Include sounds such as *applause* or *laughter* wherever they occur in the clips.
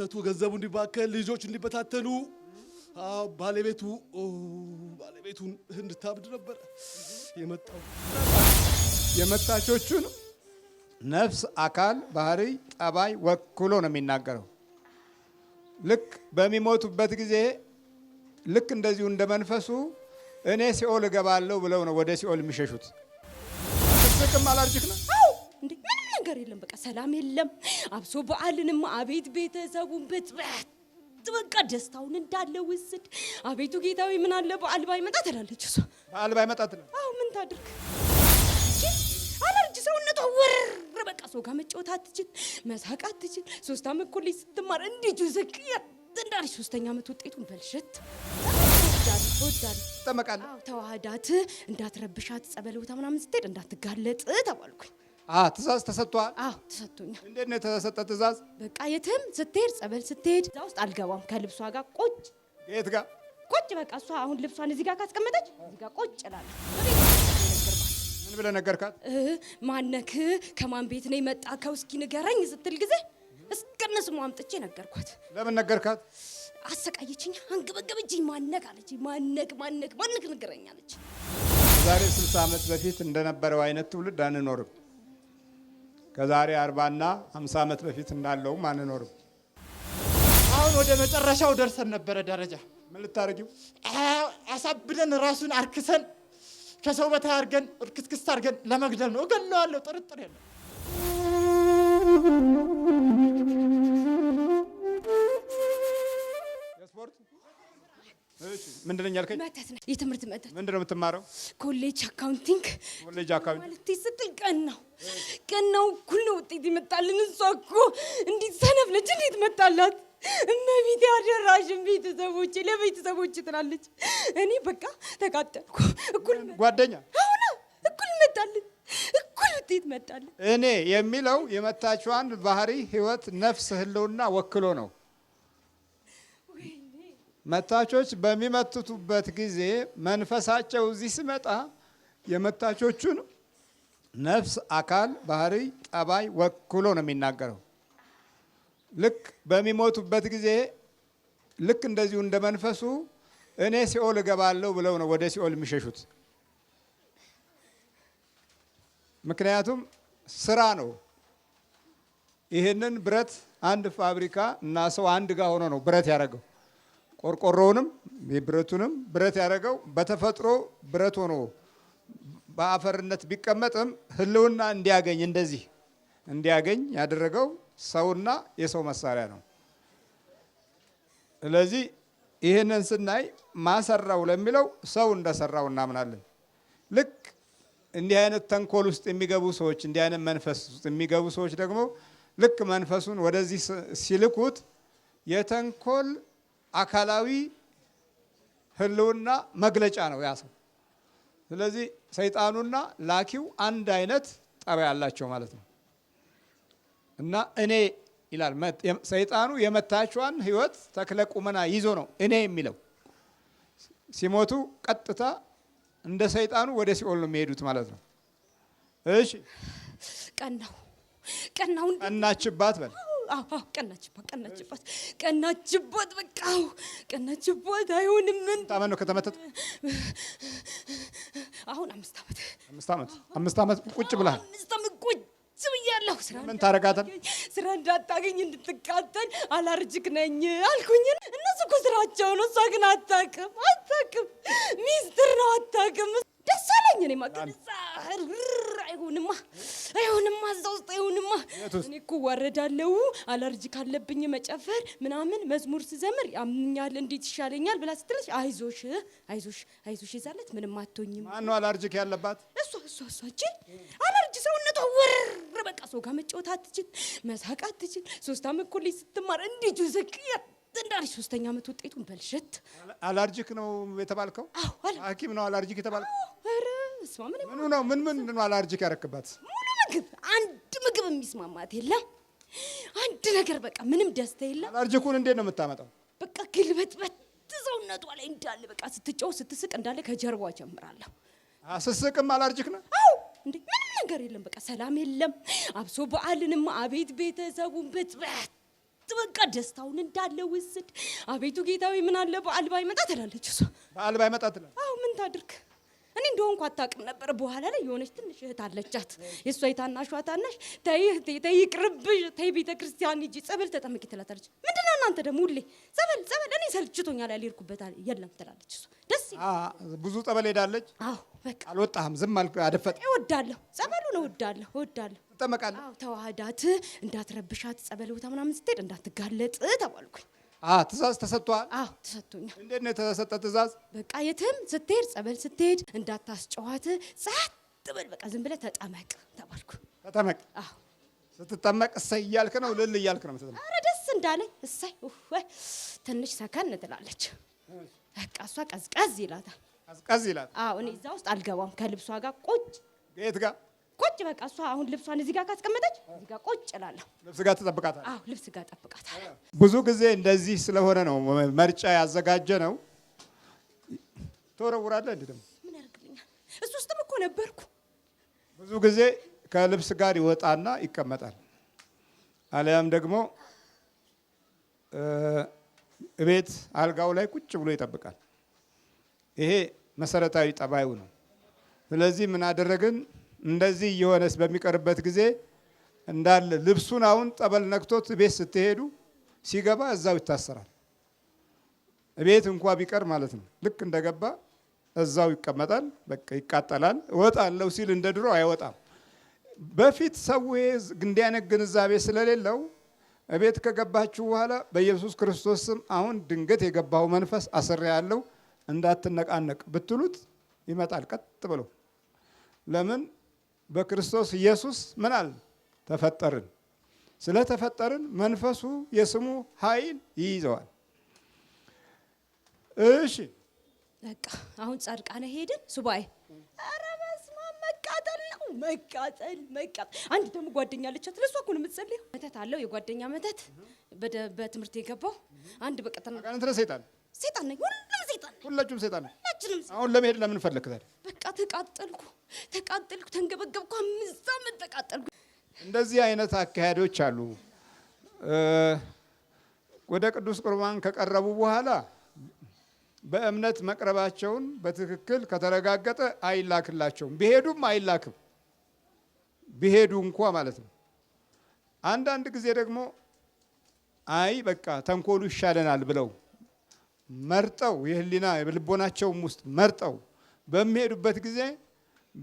እንዲጓተቱ፣ ገንዘቡ እንዲባከል፣ ልጆች እንዲበታተኑ ባለቤቱ ባለቤቱን እንድታብድ ነበር የመጣው። የመጣቾቹን ነፍስ፣ አካል፣ ባህሪ፣ ጠባይ ወክሎ ነው የሚናገረው። ልክ በሚሞቱበት ጊዜ ልክ እንደዚሁ እንደ መንፈሱ እኔ ሲኦል እገባለሁ ብለው ነው ወደ ሲኦል የሚሸሹት። ስቅም አላርጅክ ነገር የለም። በቃ ሰላም የለም። አብሶ በዓልንም አቤት ቤተሰቡን በጥበት በቃ ደስታውን እንዳለ ውስድ አቤቱ ጌታዊ ምን አለ በዓል ባይመጣ ትላለች እሷ። በዓል ባይመጣ ትላለች። አሁ ምን ታድርግ አላርጅ ሰውነቷ ወር በቃ ሰው ጋር መጫወት አትችል፣ መሳቅ አትችል። ሶስት አመት ኮሌጅ ስትማር እንዲጁ ዘቅ እንዳለች ሶስተኛ አመት ውጤቱን በልሸት ወዳል ትጠመቃለህ። ተዋህዳት እንዳትረብሻት ጸበል ቦታ ምናምን ስትሄድ እንዳትጋለጥ ተባልኩኝ። ትእዛዝ ተሰጥቷል። አዎ ተሰጥቶኛል። እንዴት ነው የተሰጠ ትእዛዝ? በቃ የትም ስትሄድ ጸበል ስትሄድ እዛ ውስጥ አልገባም። ከልብሷ ጋር ቁጭ የት ጋር ቁጭ በቃ እሷ አሁን ልብሷን እዚህ ጋር ካስቀመጠች እዚህ ጋር ቁጭ ላለ ምን ብለህ ነገርካት? ማነክ ከማን ቤት ነው የመጣከው ከውስኪ ንገረኝ ስትል ጊዜ እስከነ ስሟ አምጥቼ ነገርኳት። ለምን ነገርካት? አሰቃየችኝ፣ አንገበገበችኝ። ማነክ አለች። ማነክ ማነክ ማነክ ንገረኝ አለች። ዛሬ ስልሳ ዓመት በፊት እንደነበረው አይነት ትውልድ አንኖርም። ከዛሬ አርባና ሀምሳ ዓመት በፊት እንዳለውም አንኖርም። አሁን ወደ መጨረሻው ደርሰን ነበረ። ደረጃ ምን ልታደርጊው? አሳብደን ራሱን አርክሰን ከሰው በታ አርገን እርክስክስ አርገን ለመግደል ነው። እገለዋለሁ፣ ጥርጥር የለም። ምንድን ነው ያልከኝ? የትምህርት መተት ምንድን ነው የምትማረው? ኮሌጅ አካውንቲንግ። ኮሌጅ አካውንቲንግ ማለት ዘጠኝ ቀን ነው ቀን ነው እኩል ነው ውጤት ይመጣልን። እሷ እኮ እንዴት ሰነፍ ነች! እንዴት መጣላት! እመቤቴ አደራሽን ቤተሰቦቼ ለቤተሰቦቼ ትላለች። እኔ በቃ ተቃጠልኩ። እኩል ጓደኛ አሁን እኩል መጣልን፣ እኩል ውጤት መጣልን። እኔ የሚለው የመታችዋን ባህሪ ህይወት፣ ነፍስ፣ ህልውና ወክሎ ነው። መታቾች በሚመትቱበት ጊዜ መንፈሳቸው እዚህ ሲመጣ የመታቾቹን ነፍስ፣ አካል፣ ባህሪ፣ ጠባይ ወክሎ ነው የሚናገረው። ልክ በሚሞቱበት ጊዜ ልክ እንደዚሁ እንደ መንፈሱ እኔ ሲኦል እገባለሁ ብለው ነው ወደ ሲኦል የሚሸሹት። ምክንያቱም ስራ ነው። ይህንን ብረት አንድ ፋብሪካ እና ሰው አንድ ጋር ሆኖ ነው ብረት ያደረገው። ቆርቆሮውንም የብረቱንም ብረት ያደረገው በተፈጥሮ ብረት ሆኖ በአፈርነት ቢቀመጥም ህልውና እንዲያገኝ እንደዚህ እንዲያገኝ ያደረገው ሰውና የሰው መሳሪያ ነው። ስለዚህ ይህንን ስናይ ማሰራው ለሚለው ሰው እንደሰራው እናምናለን። ልክ እንዲህ አይነት ተንኮል ውስጥ የሚገቡ ሰዎች፣ እንዲህ አይነት መንፈስ ውስጥ የሚገቡ ሰዎች ደግሞ ልክ መንፈሱን ወደዚህ ሲልኩት የተንኮል አካላዊ ህልውና መግለጫ ነው ያ ሰው። ስለዚህ ሰይጣኑና ላኪው አንድ አይነት ጠባይ አላቸው ማለት ነው እና እኔ ይላል ሰይጣኑ የመታችዋን ህይወት ተክለ ቁመና ይዞ ነው እኔ የሚለው። ሲሞቱ ቀጥታ እንደ ሰይጣኑ ወደ ሲኦል ነው የሚሄዱት ማለት ነው። እሺ ቀናው ቀናው እናችባት በል ቀናችባት፣ ቀናችባት፣ ቀናችባት፣ በቃ ቀናችባት። አይሆንም። ምን ታመን አሁን አምስት ዓመት አምስት ዓመት አምስት ዓመት ቁጭ ብለሃል። አምስት ዓመት ቁጭ ብያለሁ። ስራ ምን ታረጋታል? ስራ እንዳታገኝ እንድትቃጠል አላርጅክ ነኝ አልኩኝ። እነሱ እኮ ስራቸው ነው። እሷ ግን አታውቅም፣ አታውቅም። ሚስጥር ነው፣ አታውቅም። ደስ አለኝ እኔ ማቀደሳ ይሁንማ ይሁንማ እዛ ውስጥ ይሁንማ። እኔ እኮ ዋረዳለው አለርጂክ አለብኝ መጨፈር ምናምን መዝሙር ስዘምር ያምኛል፣ እንዴት ይሻለኛል ብላ አይዞሽ አይዞሽ አይዞሽ ይዛለች። ምንም አትሆኝም። ማነው አለርጂክ ያለባት? እሷ እሷ እሷ እንጂ አለርጂ ሰውነቷ በቃ ሰው ጋር መጫወት አትችል፣ መሳቅ አትችል። ሶስት አመት ኮሌጅ ስትማር እንዳለች ሶስተኛ ዓመት ውጤቱን በልሽት አላርጂክ ነው የተባልከው? ሐኪም ነው አላርጂክ የተባልከው? ምኑ ነው ምን ምን ነው አላርጂክ ያረክባት? ሙሉ ምግብ፣ አንድ ምግብ የሚስማማት የለም። አንድ ነገር በቃ ምንም ደስታ የለም። አላርጂኩን እንዴት ነው የምታመጣው? በቃ ግልበትበት ሰውነቷ ላይ እንዳለ በቃ ስትጫው ስትስቅ እንዳለ ከጀርባ ጀምራለሁ። ስስቅም አላርጂክ ነው እንዴ? ምንም ነገር የለም። በቃ ሰላም የለም። አብሶ በዓልንም አቤት ቤተሰቡን በትበት በቃ ደስታውን እንዳለ ውስድ አቤቱ ጌታዊ ምን አለ በዓል ባይመጣ ትላለች እሷ። በዓል ባይመጣ ትላለች። አዎ ምን ታድርግ። እኔ እንደሆንኩ አታውቅም ነበር። በኋላ ላይ የሆነች ትንሽ እህት አለቻት። የእሷ የታናሿ ታናሽ ተይ እህቴ፣ ተይ ይቅርብሽ፣ ተይ ቤተ ክርስቲያን ሂጂ ጸበል ተጠመቂ ትላታለች። ምንድን እናንተ ደግሞ ሁሌ ጸበል ጸበል እኔ ሰልችቶኛል ያልሄድኩበት የለም ትላለች። እሱ ደስ ብዙ ጸበል ሄዳለች። አዎ በቃ አልወጣህም፣ ዝም አደፈጥ እወዳለሁ፣ ጸበሉን እወዳለሁ፣ እወዳለሁ ትጠመቃለህ። አዎ ተዋህዳት፣ እንዳትረብሻት ጸበል ቦታ ምናምን ስትሄድ እንዳትጋለጥ ተባልኩኝ። ትእዛዝ ተሰጥቷል። አዎ ተሰጥቶኛል። እንዴት ነው የተሰጠ ትእዛዝ? በቃ የትም ስትሄድ ጸበል ስትሄድ እንዳታስጨዋት፣ ጸጥ በል በቃ ዝም ብለህ ተጠመቅ ተባልኩ። ተጠመቅ ስትጠመቅ እሰይ እያልክ ነው ልል እያልክ ነው እንዳለኝ እሳይ ትንሽ ሰከን ትላለች። በቃ እሷ ቀዝቀዝ ይላታል። ቀዝቀዝ ይላታል። አዎ እኔ እዛ ውስጥ አልገባም። ከልብሷ ጋር ቁጭ ቤት ጋር ቁጭ በቃ እሷ አሁን ልብሷን እዚህ ጋር ካስቀመጠች እዚህ ጋር ቁጭ እላለሁ። ልብስ ጋር ትጠብቃታለህ? አዎ ልብስ ጋር እጠብቃታለሁ። ብዙ ጊዜ እንደዚህ ስለሆነ ነው መርጫ ያዘጋጀ ነው። ትወረውራለህ። እንዴ ደግሞ ምን ያደርግልኛል? እሱ ውስጥም እኮ ነበርኩ። ብዙ ጊዜ ከልብስ ጋር ይወጣና ይቀመጣል። አሊያም ደግሞ እቤት አልጋው ላይ ቁጭ ብሎ ይጠብቃል። ይሄ መሰረታዊ ጠባዩ ነው። ስለዚህ ምን አደረግን? እንደዚህ እየሆነስ በሚቀርበት ጊዜ እንዳለ ልብሱን አሁን ጠበል ነክቶት ቤት ስትሄዱ ሲገባ እዛው ይታሰራል። ቤት እንኳ ቢቀር ማለት ነው። ልክ እንደገባ እዛው ይቀመጣል፣ በቃ ይቃጠላል። እወጣለሁ ሲል እንደ ድሮ አይወጣም። በፊት ሰው እንዲህ ግንዛቤ ስለሌለው እቤት ከገባችሁ በኋላ በኢየሱስ ክርስቶስ ስም አሁን ድንገት የገባው መንፈስ አስሬ ያለው እንዳትነቃነቅ ብትሉት ይመጣል። ቀጥ ብሎ ለምን በክርስቶስ ኢየሱስ ምን አል ተፈጠርን። ስለተፈጠርን መንፈሱ የስሙ ኃይል ይይዘዋል። እሺ በቃ አሁን ጻድቃነ ሄድን ሱባኤ ኧረ መቃጠል መቃጠል መቃጠል። አንድ ደግሞ ጓደኛ አለቻት፣ ለእሷ እኮ ነው የምትጸልየው። መተት አለው የጓደኛ መተት በትምህርት የገባው አንድ ሰይጣን ሰይጣን ነኝ። ሁሉም ሰይጣን ነኝ። ሁላችሁም ሰይጣን ነኝ። ሁላችንም አሁን ለመሄድ ለምን ፈለክ ታዲያ? በቃ ተቃጠልኩ፣ ተቃጠልኩ፣ ተንገበገብኩ፣ አምስት ዓመት ተቃጠልኩ። እንደዚህ አይነት አካሄዶች አሉ። ወደ ቅዱስ ቁርባን ከቀረቡ በኋላ በእምነት መቅረባቸውን በትክክል ከተረጋገጠ አይላክላቸውም። ቢሄዱም አይላክም። ቢሄዱ እንኳ ማለት ነው። አንዳንድ ጊዜ ደግሞ አይ በቃ ተንኮሉ ይሻለናል ብለው መርጠው የህሊና ልቦናቸውም ውስጥ መርጠው በሚሄዱበት ጊዜ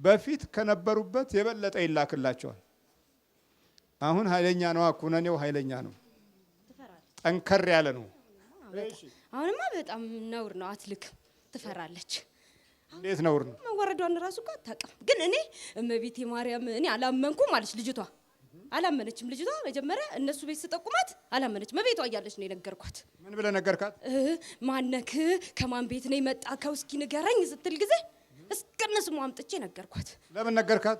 በፊት ከነበሩበት የበለጠ ይላክላቸዋል። አሁን ኃይለኛ ነው፣ ኩነኔው ኃይለኛ ነው፣ ጠንከር ያለ ነው። አሁንማ በጣም ነውር ነው። አትልክም፣ ትፈራለች። እንዴት ነውር ነው? መዋረዷን ራሱ እኮ አታውቅም። ግን እኔ እመቤቴ ማርያም እኔ አላመንኩም አለች ልጅቷ። አላመነችም ልጅቷ። መጀመሪያ እነሱ ቤት ስጠቁማት አላመነችም። በቤቷ እያለች ነው የነገርኳት። ምን ብለህ ነገርካት? ማነክ ከማን ቤት ነው የመጣከው እስኪ ንገረኝ ስትል ጊዜ እስከነ ስሟ አምጥቼ ነገርኳት። ለምን ነገርካት?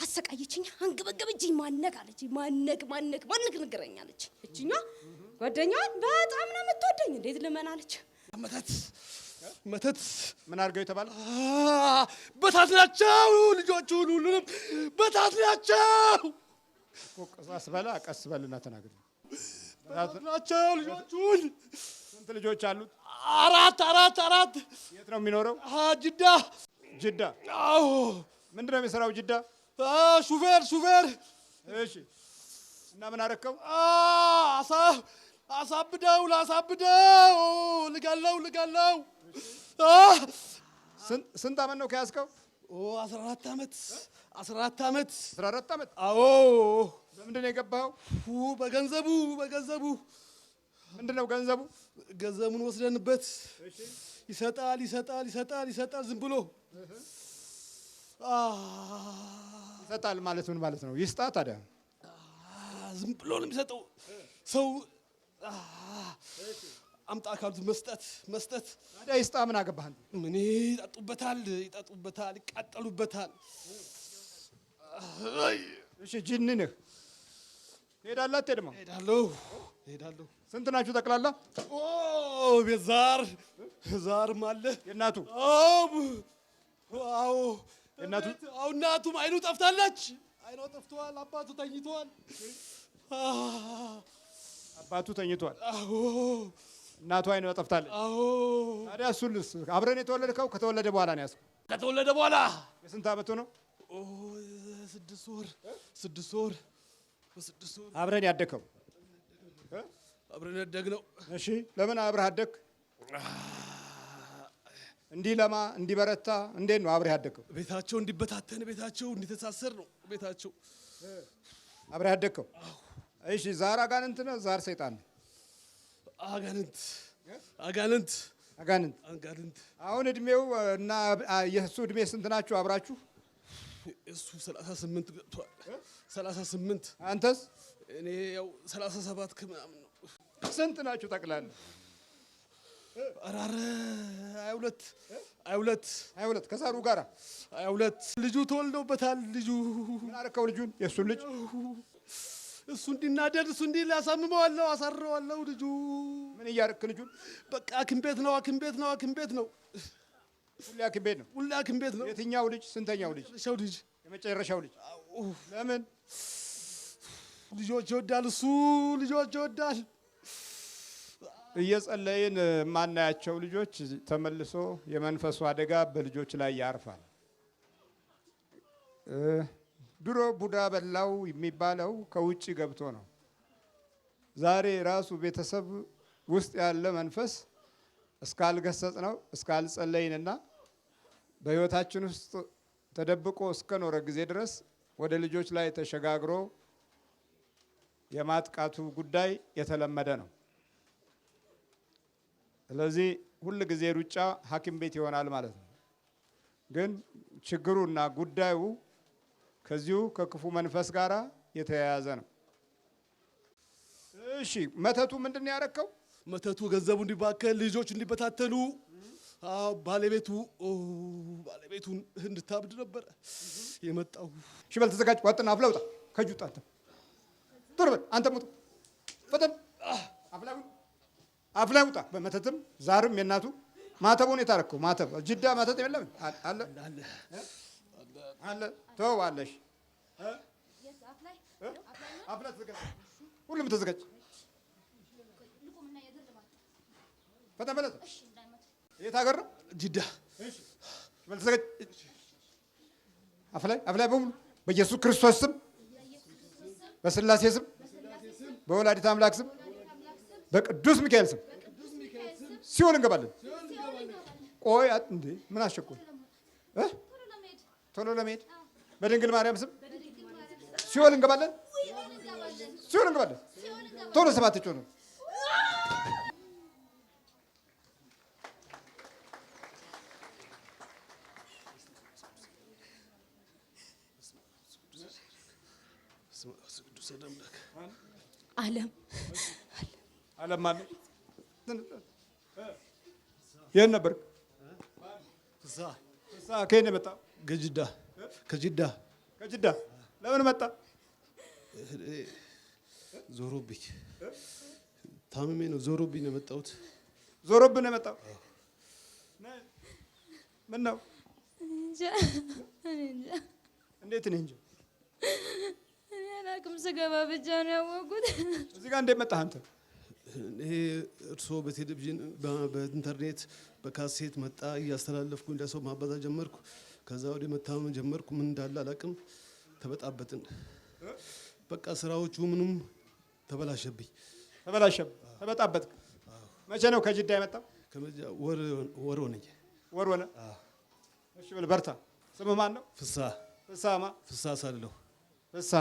አሰቃየችኝ፣ አንገበገበችኝ። ማነክ አለች። ማነክ ማነክ ማነክ ንገረኝ አለች። እችኛ ጓደኛዋን በጣም ነው የምትወደኝ። እንዴት ልመን አለች አመታት መተት ምን አድርገው የተባለ በታት ናቸው። ልጆቹን ሁሉንም በታት ናቸው። ቀስ በላ ቀስ በልና ተናግር። በታት ናቸው። ልጆቹን ስንት ልጆች አሉት? አራት አራት አራት። የት ነው የሚኖረው? ጅዳ ጅዳ። አዎ። ምንድን ነው የሚሰራው ጅዳ? ሹፌር ሹፌር። እሺ። እና ምን አደረከው? አሳ አሳብደው ላሳብደው ልገለው ልገለው። ስንት አመት ነው ከያዝከው? አስራ አራት አመት አስራ አራት ዓመት አስራ አራት ዓመት። አዎ በምንድን ነው የገባኸው? በገንዘቡ በገንዘቡ። ምንድን ነው ገንዘቡ? ገንዘቡን ወስደንበት ይሰጣል ይሰጣል ይሰጣል ይሰጣል። ዝም ብሎ ይሰጣል ማለት ምን ማለት ነው? ይስጣ ታዲያ። ዝም ብሎ ነው የሚሰጠው ሰው አምጣ ካልኩት መስጠት መስጠት ታዲያ ይስጣ። ምን አገባህ? ምን ይጠጡበታል፣ ይጠጡበታል፣ ይቃጠሉበታል። እሺ ጅን ነህ። ትሄዳለህ አትሄድም? እሄዳለሁ፣ እሄዳለሁ። ስንት ናችሁ ጠቅላላ? ኦ ቤት ዛር ዛርም አለ የእናቱ አዎ፣ እናቱ አዎ፣ እናቱም አይኑ ጠፍታለች። አይኗ ጠፍተዋል። አባቱ ተኝተዋል። አባቱ ተኝቷል። እናቱ አይን ጠፍታለች። ታዲያ እሱን ልስ አብረን የተወለድከው ከተወለደ በኋላ ነው ያስ ከተወለደ በኋላ የስንት አመቱ ነው? ስድስት ወር ስድስት ወር ወር አብረን ያደግከው አብረን ያደግነው። እሺ ለምን አብረህ እንዲ ለማ እንዲበረታ እንዴት ነው አብረህ ያደግከው? ቤታቸው እንዲበታተን ቤታቸው እንዲተሳሰር ነው ቤታቸው አብረህ ያደግከው እሺ ዛር አጋንንት ነው። ዛር ሰይጣን አጋንንት አጋንንት አጋንንት አጋንንት። አሁን እድሜው እና የእሱ እድሜ ስንት ናችሁ አብራችሁ? እሱ 38 ገብቷል። 38 አንተስ? እኔ ያው 37 ከምናምን ነው። ስንት ናችሁ ጠቅላላ? አራረ 22 22 22 ከዛሩ ጋራ 22 ልጁ ተወልዶበታል። ልጁ ምን አረከው ልጁን የእሱን ልጅ እሱ እንዲናደድ እሱ እንዲ ላሳምመዋለሁ፣ አሳርረዋለሁ። ልጁ ምን ልጁን? በቃ ሐኪም ቤት ነው፣ ሐኪም ቤት ነው፣ ሐኪም ቤት ነው፣ ሁሌ ሐኪም ቤት ነው፣ ሁሌ ሐኪም ቤት ነው። የትኛው ልጅ? ስንተኛው ልጅ? ልጅ፣ የመጨረሻው ልጅ። ለምን ልጆች ይወዳል እሱ፣ ልጆች ይወዳል። እየጸለይን የማናያቸው ልጆች ተመልሶ የመንፈሱ አደጋ በልጆች ላይ ያርፋል። ድሮ ቡዳ በላው የሚባለው ከውጭ ገብቶ ነው። ዛሬ ራሱ ቤተሰብ ውስጥ ያለ መንፈስ እስካልገሰጽ ነው እስካልጸለይንና በሕይወታችን ውስጥ ተደብቆ እስከኖረ ጊዜ ድረስ ወደ ልጆች ላይ ተሸጋግሮ የማጥቃቱ ጉዳይ የተለመደ ነው። ስለዚህ ሁል ጊዜ ሩጫ ሐኪም ቤት ይሆናል ማለት ነው። ግን ችግሩና ጉዳዩ ከዚሁ ከክፉ መንፈስ ጋር የተያያዘ ነው። እሺ መተቱ ምንድን ነው ያረከው? መተቱ ገንዘቡ እንዲባከል፣ ልጆች እንዲበታተኑ፣ ባለቤቱ ባለቤቱን እንድታብድ ነበረ የመጣው። እሺ በል ተዘጋጅ፣ ቋጥና አፍላ ውጣ። ከእጁ ውጣ። አንተ ቶሎ በል አንተ ሙት፣ ፈጠን አፍላ ውጣ። በመተትም ዛርም የእናቱ ማተቡን የታረከው ማተብ ጅዳ ማተት የለም አለ አለ ተዋለሽ አፍላ ተዘጋጅ፣ ሁሉም ተዘጋጅ። ፈጠን በለጠ። የት ሀገር ነው? ጅዳ። ተዘጋጅ። አፍላይ አፍላይ በሙሉ በኢየሱስ ክርስቶስ ስም፣ በስላሴ ስም፣ በወላዲት አምላክ ስም፣ በቅዱስ ሚካኤል ስም ሲሆን እንገባለን። ቆይ እንዴ ምን አሸኮል ቶሎ ለመሄድ በድንግል ማርያም ስም ሲሆን እንገባለን፣ ሲሆን እንገባለን። ቶሎ ሰባት ጮ ነው። አለም አለም አለ ይህን ነበር ከየት ነው የመጣው? ከጅዳ ከጅዳ ከጅዳ ለምን መጣ? ዞሮብኝ ታምሜ ነው። ዞሮብኝ ነው የመጣሁት። ዞሮብኝ ነው የመጣሁት። ምን ነው እንዴት? እኔ እንጃ እኔ አላውቅም። ስገባ ብቻ ነው ያወቁት። እዚህ ጋር እንዴት መጣህ አንተ? ይሄ እርስዎ በቴሌቪዥን በኢንተርኔት በካሴት መጣ እያስተላለፍኩ ሰው ማባዛ ጀመርኩ። ከዛ ወዲህ መታመም ጀመርኩ። ምን እንዳለ አላቅም። ተበጣበጥን። በቃ ስራዎቹ ምኑም ተበላሸብኝ። ተበላሸብ ተበጣበጥ። መቼ ነው ከጅዳ የመጣው? ወር ሆነ ወር ሆነ። እሺ ብል በርታ። ስም ማን ነው? ፍሳ ፍሳ ማ ፍሳ ሳለሁ ፍሳ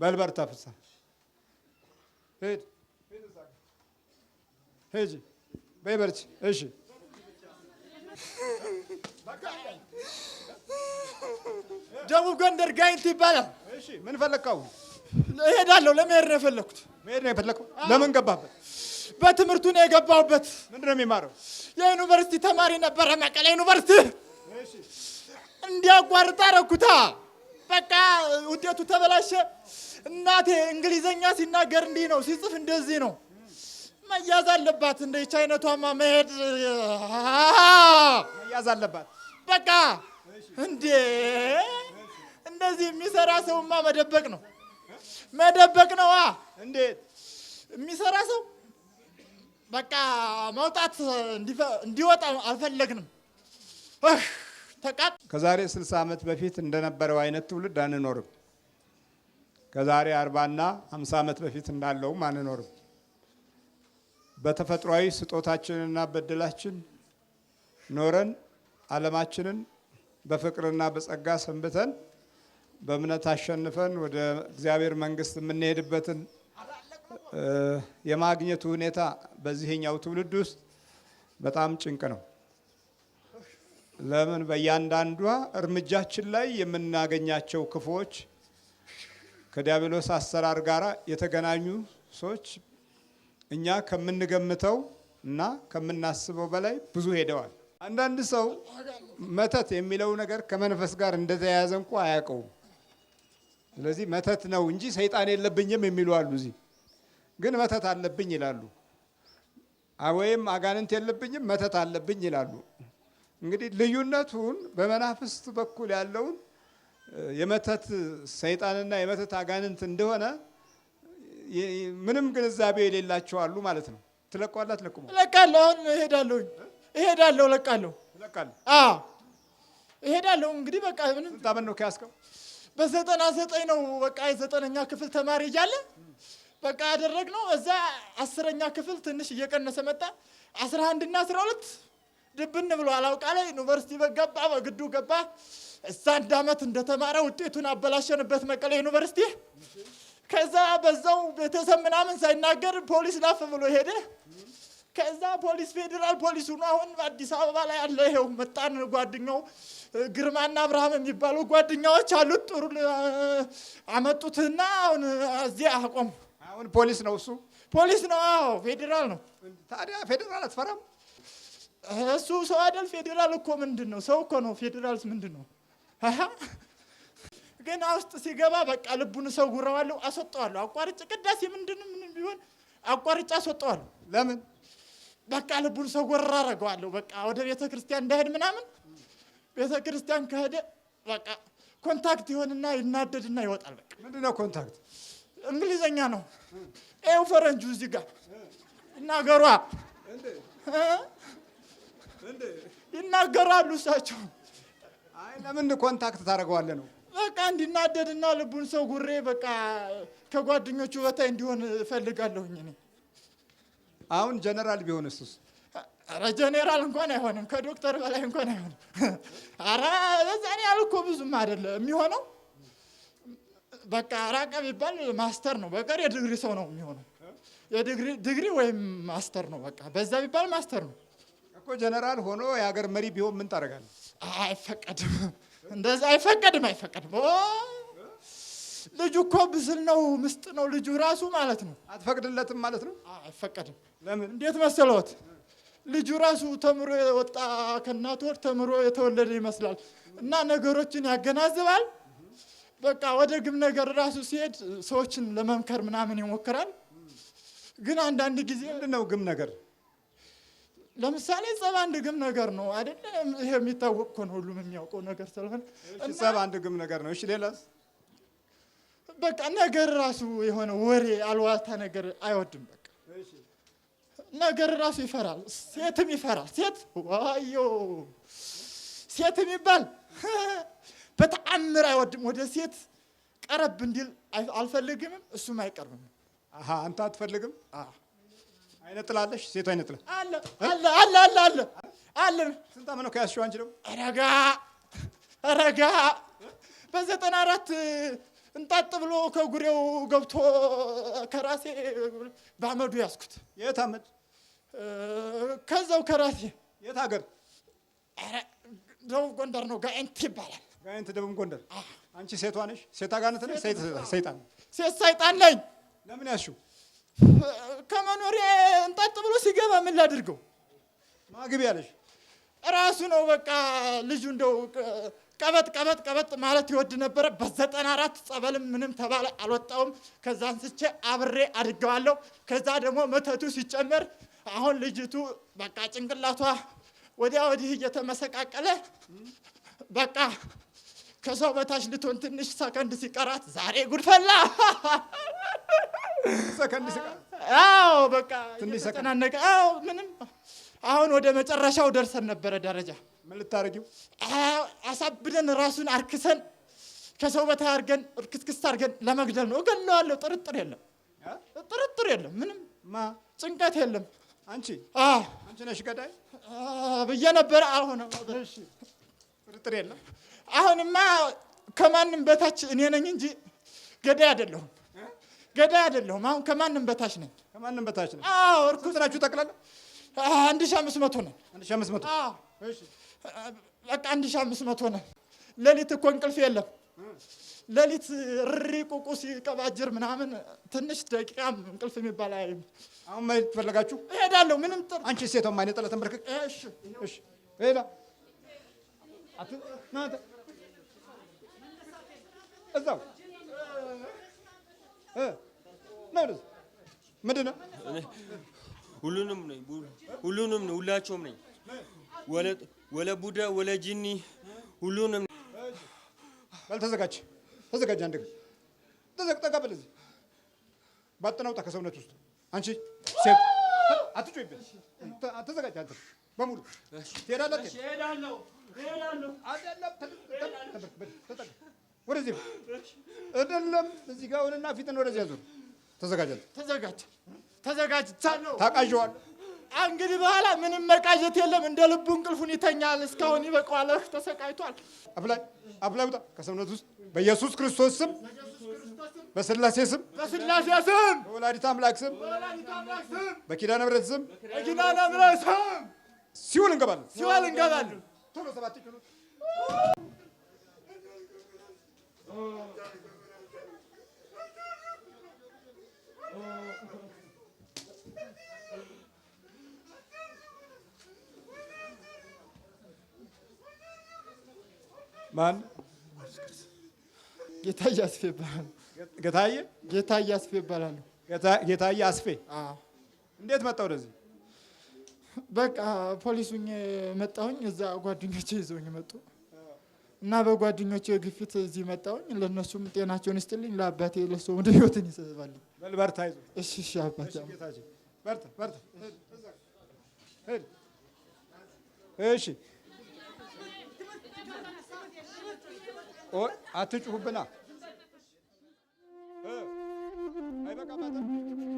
በል በርታ። ፍሳ ሄድ ሄድ በይ በርቺ። እሺ ደቡብ ጎንደር ጋይንት ይባላል። ምን ፈለግከው? እሄዳለሁ። ለመሄድ ነው የፈለግኩት። መሄድ ነው የፈለግከው? ለምን ገባበት? በትምህርቱ ነው የገባሁበት። ምንድን ነው የሚማረው? የዩኒቨርሲቲ ተማሪ ነበረ። መቀሌ ዩኒቨርሲቲ እንዲያቋርጥ አደረኩታ። በቃ ውጤቱ ተበላሸ። እናቴ እንግሊዘኛ ሲናገር እንዲህ ነው፣ ሲጽፍ እንደዚህ ነው መያዝ አለባት። እንደ ይህች አይነቷማ መሄድ መያዝ አለባት። በቃ እንዴ እንደዚህ የሚሰራ ሰውማ መደበቅ ነው መደበቅ ነዋ። እንዴት የሚሰራ ሰው በቃ መውጣት እንዲወጣ አልፈለግንም። ተቃጥ ከዛሬ 60 ዓመት በፊት እንደነበረው አይነት ትውልድ አንኖርም። ከዛሬ 40 እና 50 ዓመት በፊት እንዳለውም አንኖርም። በተፈጥሯዊ ስጦታችንና በድላችን ኖረን ዓለማችንን በፍቅርና በጸጋ ሰንብተን በእምነት አሸንፈን ወደ እግዚአብሔር መንግስት የምንሄድበትን የማግኘቱ ሁኔታ በዚህኛው ትውልድ ውስጥ በጣም ጭንቅ ነው። ለምን በእያንዳንዷ እርምጃችን ላይ የምናገኛቸው ክፉዎች ከዲያብሎስ አሰራር ጋር የተገናኙ ሰዎች እኛ ከምንገምተው እና ከምናስበው በላይ ብዙ ሄደዋል። አንዳንድ ሰው መተት የሚለው ነገር ከመንፈስ ጋር እንደተያያዘ እንኳ አያውቀውም። ስለዚህ መተት ነው እንጂ ሰይጣን የለብኝም የሚሉ አሉ። እዚህ ግን መተት አለብኝ ይላሉ፣ ወይም አጋንንት የለብኝም መተት አለብኝ ይላሉ። እንግዲህ ልዩነቱን በመናፍስት በኩል ያለውን የመተት ሰይጣንና የመተት አጋንንት እንደሆነ ምንም ግንዛቤ የሌላቸው አሉ ማለት ነው። ትለቀዋላ ትለቅሙ እለቃለሁ። አሁን እሄዳለሁ እሄዳለሁ እለቃለሁ እለቃለሁ። አዎ እሄዳለሁ። እንግዲህ በቃ ምንም ታመን ነው ከያዝከው በዘጠና ዘጠኝ ነው በቃ የዘጠነኛ ክፍል ተማሪ እያለ በቃ ያደረግነው እዛ አስረኛ ክፍል ትንሽ እየቀነሰ መጣ። አስራ አንድ እና አስራ ሁለት ድብን ብሎ አላውቃለ ዩኒቨርሲቲ በገባ በግዱ ገባ። እዛ አንድ አመት እንደተማረ ውጤቱን አበላሸንበት መቀሌ ዩኒቨርሲቲ ከዛ በዛው ቤተሰብ ምናምን ሳይናገር ፖሊስ ላፍ ብሎ ሄደ። ከዛ ፖሊስ ፌዴራል ፖሊስ ሆኖ አሁን አዲስ አበባ ላይ አለ። ይኸው መጣን። ጓደኛው ግርማና አብርሃም የሚባሉ ጓደኛዎች አሉት። ጥሩ አመጡትና አሁን እዚያ አቆሙ። አሁን ፖሊስ ነው እሱ ፖሊስ ነው። አዎ ፌዴራል ነው። ታዲያ ፌዴራል አትፈራም? እሱ ሰው አይደል? ፌዴራል እኮ ምንድን ነው? ሰው እኮ ነው። ፌዴራልስ ምንድን ነው? ገና ውስጥ ሲገባ በቃ ልቡን ጉረዋለሁ፣ አስወጣዋለሁ። አቋርጬ ቅዳሴ ምንድን ምን ቢሆን አቋርጬ አስወጣዋለሁ። ለምን በቃ ልቡን ሰጎራ አረገዋለሁ። በቃ ወደ ቤተ ክርስቲያን እንዳሄድ ምናምን ቤተ ክርስቲያን ከሄደ በቃ ኮንታክት ይሆንና ይናደድና ይወጣል። በቃ ምንድን ነው ኮንታክት? እንግሊዘኛ ነው። ይኸው ፈረንጁ እዚህ ጋር ይናገሯ ይናገራሉ እሳቸው። አይ ለምን ኮንታክት ታደርገዋለህ ነው በቃ እንዲናደድና ልቡን ሰው ጉሬ በቃ ከጓደኞቹ በታይ እንዲሆን እፈልጋለሁኝ እኔ። አሁን ጀነራል ቢሆን እሱስ? ኧረ ጀኔራል እንኳን አይሆንም፣ ከዶክተር በላይ እንኳን አይሆንም። ኧረ በዛ እኔ ያልኮ ብዙም አይደለ የሚሆነው። በቃ ራቀ ቢባል ማስተር ነው በቀር የድግሪ ሰው ነው የሚሆነው። የዲግሪ ወይም ማስተር ነው በቃ በዛ ቢባል ማስተር ነው እኮ። ጀነራል ሆኖ የሀገር መሪ ቢሆን ምን ታደርጋለህ? አይፈቀድም። እንደዚህ አይፈቀድም፣ አይፈቀድም። ልጁ እኮ ብስል ነው፣ ምስጥ ነው ልጁ ራሱ ማለት ነው። አትፈቅድለትም ማለት ነው። አይፈቀድም። ለምን? እንዴት መሰለዎት? ልጁ ራሱ ተምሮ የወጣ ከእናቱ ወር ተምሮ የተወለደ ይመስላል እና ነገሮችን ያገናዝባል። በቃ ወደ ግብ ነገር ራሱ ሲሄድ ሰዎችን ለመምከር ምናምን ይሞክራል። ግን አንዳንድ ጊዜ ምንድን ነው ግብ ነገር ለምሳሌ ጸብ አንድ ግም ነገር ነው አይደለ? ይሄ የሚታወቅ እኮ ነው፣ ሁሉም የሚያውቀው ነገር ስለሆነ ጸብ አንድ ግም ነገር ነው። እሺ ሌላስ? በቃ ነገር ራሱ የሆነ ወሬ አልዋልታ ነገር አይወድም። በቃ ነገር ራሱ ይፈራል። ሴትም ይፈራል። ሴት ዋዮ ሴት የሚባል *laughs* በተአምር አይወድም። ወደ ሴት ቀረብ እንዲል አልፈልግምም፣ እሱም አይቀርብም። አንተ አትፈልግም አይነጥላለሽ ሴቱ አይነጥላ አለ አለ አለ አለ አለ አለ ስንት ዓመት ነው ከያዝሽው አንቺ ደግሞ ረጋ ረጋ በዘጠና አራት እንጣጥ ብሎ ከጉሬው ገብቶ ከራሴ በአመዱ ያዝኩት የት አመድ ከዛው ከራሴ የት ሀገር ደቡብ ጎንደር ነው ጋይንት ይባላል ጋይንት ደቡብ ጎንደር አንቺ ሴቷ ነሽ ሴት አጋንንት ነሽ ሰይጣን ሴት ሰይጣን ነኝ ለምን ያዝሽው ከመኖሪያ እንጠጥ ብሎ ሲገባ ምን ላድርገው? ማግቢ ያለሽ ራሱ ነው። በቃ ልጁ እንደው ቀበጥ ቀበጥ ቀበጥ ማለት ይወድ ነበረ። በዘጠና አራት ጸበልም ምንም ተባለ አልወጣውም። ከዛ አንስቼ አብሬ አድገዋለሁ። ከዛ ደግሞ መተቱ ሲጨመር አሁን ልጅቱ በቃ ጭንቅላቷ ወዲያ ወዲህ እየተመሰቃቀለ በቃ ከሰው በታች ልትሆን ትንሽ ሰከንድ ሲቀራት ዛሬ ጉድፈላ ሰከንድ ሲቀራት፣ አዎ በቃ ተጨናነቀ። አዎ ምንም አሁን ወደ መጨረሻው ደርሰን ነበረ። ደረጃ ምን ልታረጊው? አሳብደን ራሱን አርክሰን ከሰው በታች አርገን እርክስክስ አርገን ለመግደል ነው። እገለዋለሁ፣ ጥርጥር የለም፣ ጥርጥር የለም፣ ምንም ጭንቀት የለም። አንቺ አንቺ ነሽ ገዳይ ብዬ ነበረ። አልሆነም፣ ጥርጥር የለም። አሁንማ ከማንም በታች እኔ ነኝ እንጂ ገዳይ አይደለሁም። ገዳይ አይደለሁም። አሁን ከማንም በታች ነኝ። ከማንም በታች ነኝ። አዎ፣ እርኩስ ናችሁ። ጠቅላላ አንድ ሺህ አምስት መቶ ነን። አንድ ሺህ አምስት መቶ እሺ፣ በቃ አንድ ሺህ አምስት መቶ ነን። ሌሊት እኮ እንቅልፍ የለም። ሌሊት ሪ ቁቁ ሲቀባጅር ምናምን ትንሽ ደቂቃም እንቅልፍ የሚባል አይ፣ አሁን መሄድ ትፈልጋችሁ? እሄዳለሁ። ምንም ጥር አንቺ ሴቷ ማይነ ጠለ ተንበርክክ። እሺ፣ እሺ፣ ሄዳ እዛው ምንድን ነው? ሁሉንም ነኝ፣ ሁሉንም ሁላቸውም ነኝ። ወለ ቡዳ ወለ ጂኒ ሁሉንም ተዘጋጅ፣ ተዘጋጅ። አንድ ግን ተዘቅጠቃ በል እዚህ ባጥናውጣ ከሰውነት ውስጥ አንቺ ሴት አትጮይበት። ተዘጋጅ አንተ በሙሉ ትሄዳለህ። ወደዚህ አይደለም፣ እዚህ ጋር ሆነና ፊትን ወደዚህ ያዙር። ተዘጋጃለሁ። ተዘጋጅ ተዘጋጅቻለሁ። ታቃዣዋል። እንግዲህ በኋላ ምንም መቃዠት የለም። እንደ ልቡ እንቅልፉን ይተኛል። እስካሁን ይበቃዋል። ተሰቃይቷል። አፍላይ አፍላይ ውጣ ከሰውነት ውስጥ በኢየሱስ ክርስቶስ ስም በስላሴ ስም በስላሴ ስም በወላዲት አምላክ ስም በኪዳነ ምሕረት ስም በኪዳነ ምሕረት ስም ሲውል እንገባለን፣ ሲውል እንገባለን። ማን ጌታዬ አስፌ ይባላል። ጌታዬ ጌታዬ አስፌ ይባላል። ጌታዬ አስፌ እንዴት መጣ ወደዚህ? በቃ ፖሊሱ መጣሁኝ። እዛ ጓደኞቼ ይዘውኝ መጡ እና በጓደኞቼ ግፊት እዚህ መጣሁኝ። ለእነሱም ጤናቸውን ይስጥልኝ፣ ለአባቴ ለሱ ወደ ህይወትን ይሰባልኝ። በልባር ታይዞ እሺ፣ እሺ አባቴ በርታ፣ በርታ። እሺ አትጩሁብና አይበቃ